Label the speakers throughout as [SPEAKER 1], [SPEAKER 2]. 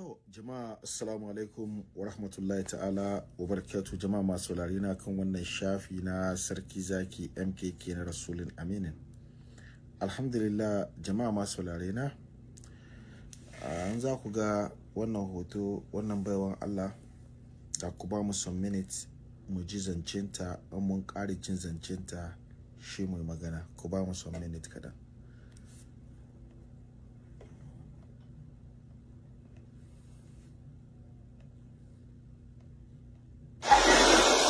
[SPEAKER 1] To jama'a assalamu alaikum wa rahmatullahi ta'ala wa barakatuh jama'a masu saurari na kan wannan shafi na sarki zaki MKK na Rasulun Aminin. Alhamdulillah jama'a masu saurari na an za ku ga wannan hoto wannan baiwan Allah da ku ba mu some minutes mu ji zancinta in mun ƙari jin zancinta shi mai magana ku ba mu some minutes kaɗan.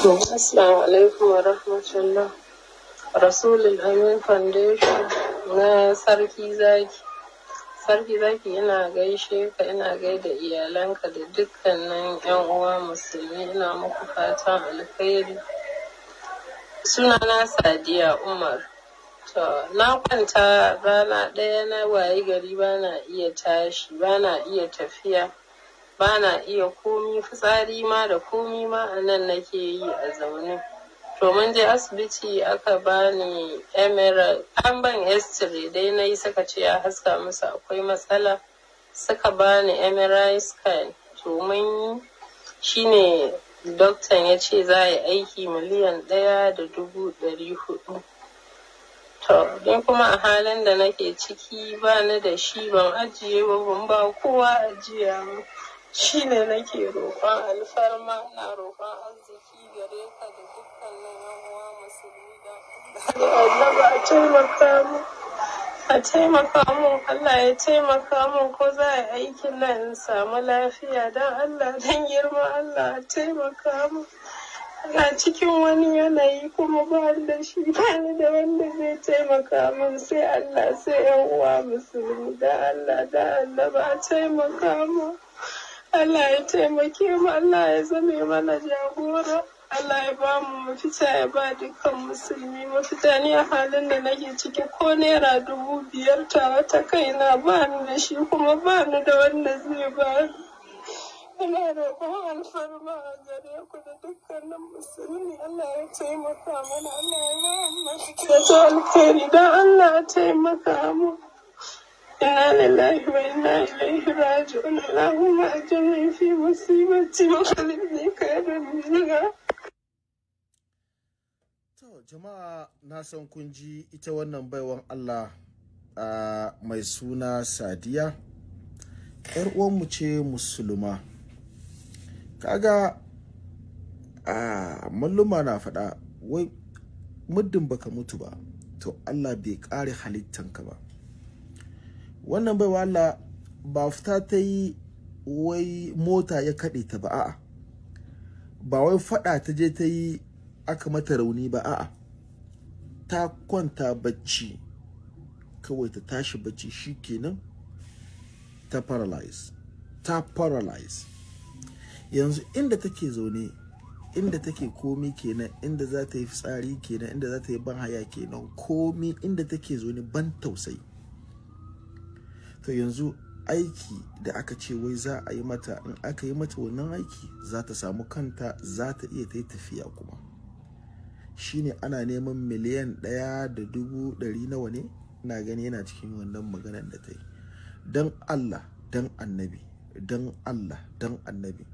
[SPEAKER 2] Assalamu alaikum wa rahmatullah. Rasulul Amin Foundation
[SPEAKER 3] na Sarki Zaki. Sarki Zaki ina gaishe ka ina gaida iyalanka da dukkanin 'yan uwa musulmi ina muku fatan alkhairi. Sunana Sadiya Umar. To, na kwanta rana ɗaya na wayi gari bana iya tashi, bana iya tafiya. bana iya komi fitsari ma da komi ma a nan nake yi a zaune to mun je asibiti aka bani emerald an ban estire dai na yi suka ce ya haska musu akwai matsala suka bani emerald scan to mun yi shine doktan ya ce za a yi aiki miliyan ɗaya da dubu ɗari hudu to don kuma a halin da nake ciki ba da shi ban ajiye ba ban ba kowa ajiya
[SPEAKER 2] ba shine nake roƙon alfarma na roƙon arziki gare ka da dukkan lalawa masu ruda Allah a taimaka mu a taimaka mun Allah ya taimaka mun ko za a yi aikin nan in samu lafiya Dan Allah dan girma Allah a taimaka mun ana cikin wani yanayi kuma ba da shi ba da wanda zai taimaka min sai Allah sai yan uwa musulmi da Allah da Allah ba taimaka mu Allah ya taimake mu Allah ya zame mana jagora Allah ya ba mu mafita ya ba dukkan musulmi mafita ne a halin da nake ciki ko naira dubu biyar tawa ta kaina ba ni da shi kuma ba ni da wanda zai ba ni. Ina roƙon alfarma a gare ku da dukkanin musulmi Allah ya taimaka mana Allah ya ba mu mafita. Da alkhairi don Allah ya taimaka mu. إنا لله وإنا إليه راجعون اللهم أجرني في مصيبتي وخلفني خيرا منها
[SPEAKER 1] jama'a na san kun ji ita wannan baiwan Allah a mai suna sadiya yar uwanmu ce musulma kaga a malluma na faɗa wai muddin baka mutu ba to Allah bai ƙare halittanka ba wannan bai wala ba fita ta yi wai mota ya kaɗe ta ba a'a ba wai faɗa ta je ta yi aka mata rauni ba a'a ta kwanta bacci kawai ta tashi bacci shi kenan ta paralyze ta paralyze yanzu inda take zaune inda take komi kenan inda za ta yi fitsari kenan inda za ta yi ban haya kenan komi inda take zaune ban tausayi to yanzu aiki da aka ce wai za a yi mata in aka yi mata wannan aiki za ta samu kanta za ta iya ta yi tafiya kuma shine ana neman miliyan ɗaya da dubu ɗari nawa ne na gani yana cikin wannan maganar da ta yi don allah don annabi don allah don annabi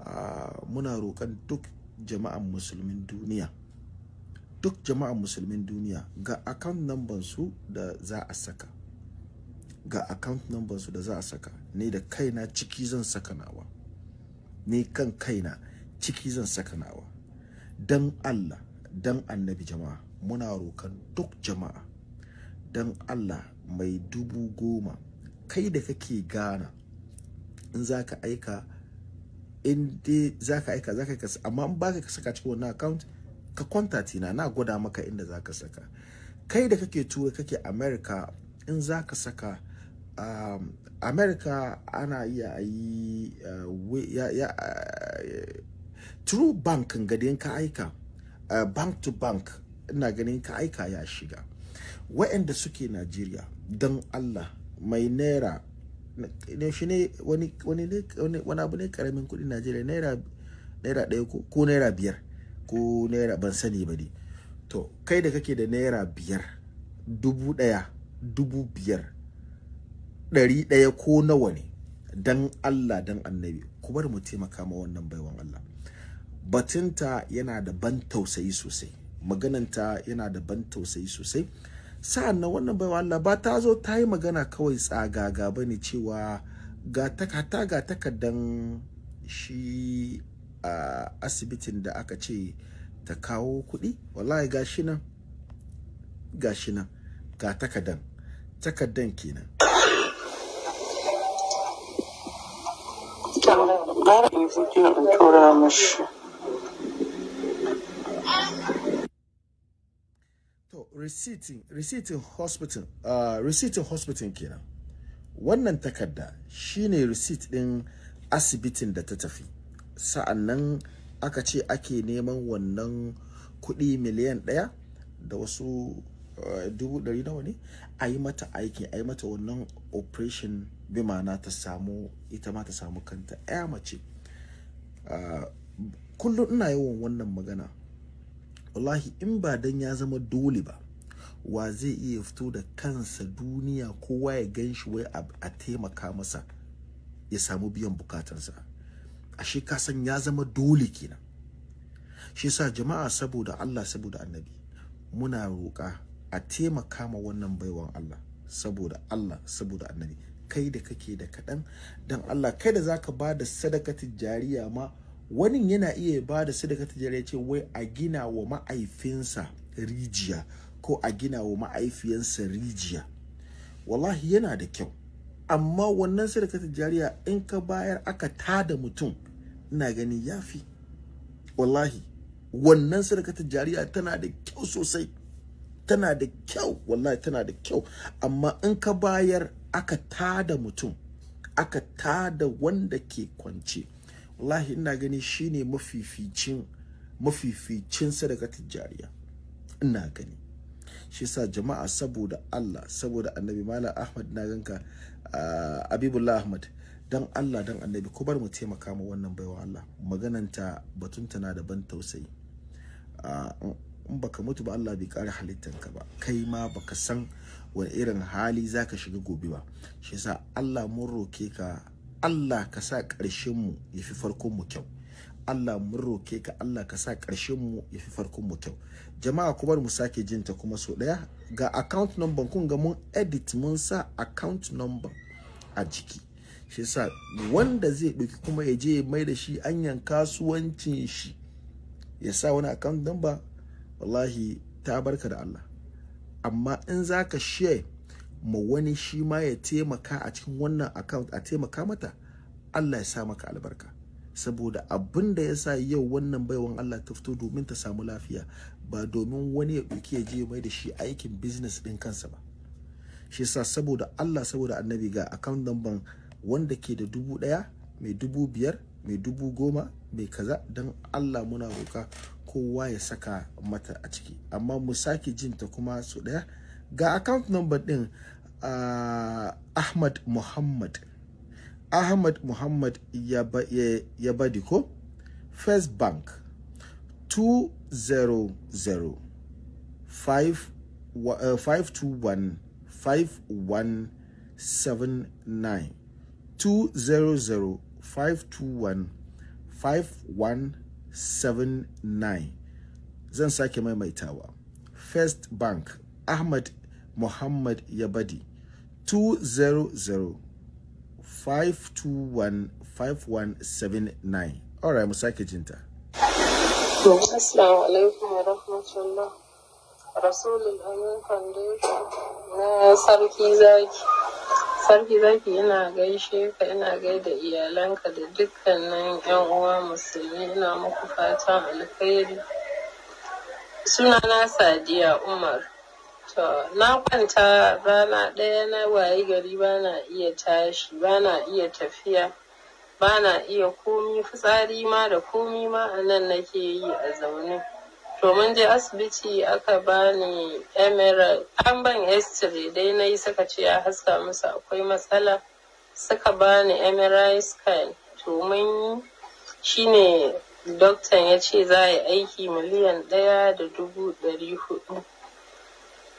[SPEAKER 1] ah, muna roƙon duk jama'an musulmin duniya duk jama'an musulmin duniya ga akan nan su da za a saka ga account number su da za a saka ni da kaina ciki zan saka nawa ni kan kaina ciki zan saka nawa dan Allah dan annabi jama'a muna rokan duk jama'a dan Allah mai dubu goma kai da kake gana in za ka aika in dai za aika za aika amma in baka ka saka cikin wannan account ka kwanta na na gwada maka inda zaka saka kai da kake tura kake america in zaka saka Um, america ana iya a yi true uh, uh, bank gadin ka aika uh, bank to bank ina ganin ka aika ya shiga wa'anda suke nigeria don allah mai naira shi ne wani, abu ne karamin kudi nigeria naira daya ko naira biyar ko naira ban sani ba ne to kai da kake da naira biyar dubu daya dubu biyar ɗari ɗaya ko nawa ne dan Allah dan annabi ku mu taimaka ma wannan baiwan Allah Batunta yana da ban tausayi sosai magananta yana da ban tausayi sosai sa'an nan wannan baiwan Allah ba ta zo ta yi magana kawai tsagaga ba ne cewa ga takata ga takardan shi a asibitin da aka ce ta kawo kuɗi wallahi gashi nan gashi nan ga takardan takardan kenan gara in receipting receipting hospital uh, receipting hospital kenan wannan takarda shine receipt din asibitin da ta tafi sa'annan aka ce ake neman wannan kuɗi miliyan ɗaya da wasu uh, dubu ɗari nawa ne a yi mata aiki a yi mata wannan operation bi ma'ana ta samu ita ma ta samu kanta ya mace kullum ina yawan wannan magana wallahi in ba dan ya zama dole ba wa zai iya fito da kansa duniya kowa ya gan shi wai a taimaka masa ya samu biyan bukatansa ashe ka san ya zama dole kenan shi sa jama'a saboda Allah saboda annabi muna roƙa a taimaka ma wannan baiwan Allah saboda Allah saboda annabi kai da kake da kaɗan don Allah kai da zaka ba da sadakatin jariya ma wani yana iya ba da sadakatin jariya ce wai a gina wa ma'aifinsa rijiya ko a gina wa ma'aifiyansa rijiya wallahi yana da kyau amma wannan sadakatin jariya in ka bayar aka tada mutum ina gani yafi wallahi wannan sadakatin jariya tana da kyau sosai tana da kyau wallahi tana da kyau amma in ka bayar aka tada mutum aka tada wanda ke kwance wallahi ina gani shine mafificin mafificin sadakatul jariya ina gani shi yasa jama'a saboda Allah saboda annabi malam Ahmad na ganka ah, Abibullah Ahmad dan Allah dan annabi ku bar mu taimaka mu wannan baiwa Allah magananta batunta na da ban tausayi ah, in baka mutu ba Allah bai kare halittanka ba kai ma baka san wani irin hali za ka shiga gobe ba shi sa Allah mun roke ka Allah ka sa ƙarshen mu ya fi farkon mu kyau Allah mun roke ka Allah ka sa ƙarshen ya fi farkon mu kyau jama'a kuma mu sake jin ta kuma so daya ga account number kun ga mun edit mun sa account number a jiki shi sa wanda zai ɗauki kuma ya je mai da shi anyan kasuwancin shi ya sa wani account number wallahi ta barka da Allah amma in za ka share ma wani shi ma ya taimaka a cikin wannan account a taimaka mata Allah ya sa maka albarka saboda abin da ya sa yau wannan baiwan Allah ta fito domin ta samu lafiya ba domin wani ya ɗauki ya je mai da shi aikin business ɗin kansa ba shi sa saboda Allah saboda annabi ga account number wanda ke da dubu ɗaya mai dubu biyar mai dubu goma mai kaza don Allah muna roka kowa ya saka mata a ciki amma mu sake jinta kuma su ɗaya ga account number ɗin uh, ahmad muhammad ahmad muhammad yabadi ko first bank 200 521 5179 200 79 zan sake maimaitawa first bank ahmad muhammad yabadi 200 521-5179 all right mu sake jinta
[SPEAKER 2] assalamu alaikum wa rahmatullah rasulul amin foundation
[SPEAKER 3] na sarki zaki Sarki zaki ina gaishe ka ina gaida iyalanka da dukkanin 'yan uwa musulmi ina muku fatan alkhairi. Sunana Sadiya Umar. To, na kwanta rana ɗaya na waye gari bana iya tashi, bana iya tafiya, bana iya komi fitsari ma da komi ma a nan nake yi a zaune. to mun je asibiti aka bani emerald an ban history dai na yi suka ce a haska musu akwai matsala suka bani emerald scan to mun shine doktan ya ce za a yi aiki miliyan ɗaya da dubu ɗari hudu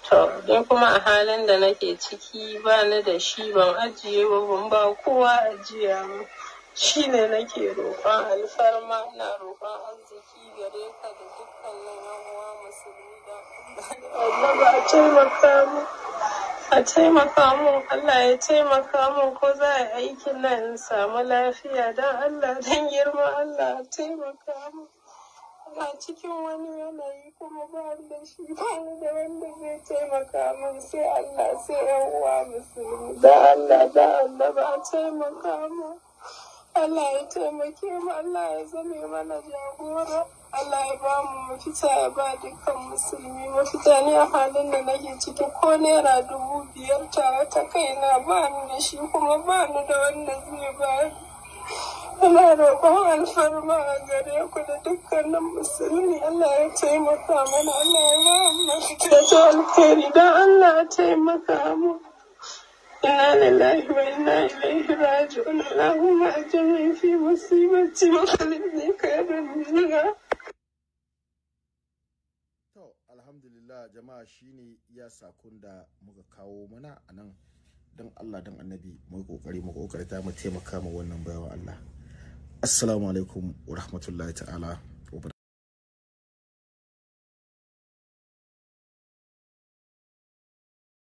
[SPEAKER 3] to don kuma a halin da nake ciki bani da shi ban ajiye ba ban ba kowa ajiya mu
[SPEAKER 2] shine nake roƙon alfarma na roƙon arziki gare ka da dukkanin yan musulmi da Allah a taimaka mu a taimaka mu Allah ya taimaka mu ko za a aikin nan in samu lafiya don Allah don girma Allah a taimaka mu ba cikin wani yanayi kuma ba da shi ba da wanda zai taimaka min sai Allah sai yan uwa musulmi da Allah da Allah ba a taimaka mu Allah ya taimake mu Allah ya zame mana jagora Allah ya ba mu mafita ya ba dukkan musulmi mafita ne a halin da nake ciki ko naira dubu biyar tare ta na ba ni da shi kuma ba ni da wanda zai ba Ina roƙon alfarma a gare ku da dukkanin musulmi Allah ya taimaka mana Allah ya ba mu mafita ta alkhairi don Allah ya taimaka mu. إنا لله وإنا إليه راجعون اللهم أجرني في مصيبتي وخلفني خيرا منها
[SPEAKER 1] alhamdulillah jama'a shine ya sakun da muka kawo mana a nan don Allah don annabi mu kokari mu kokarta mu taimaka ma wannan bayawa Allah assalamu alaikum wa rahmatullahi ta'ala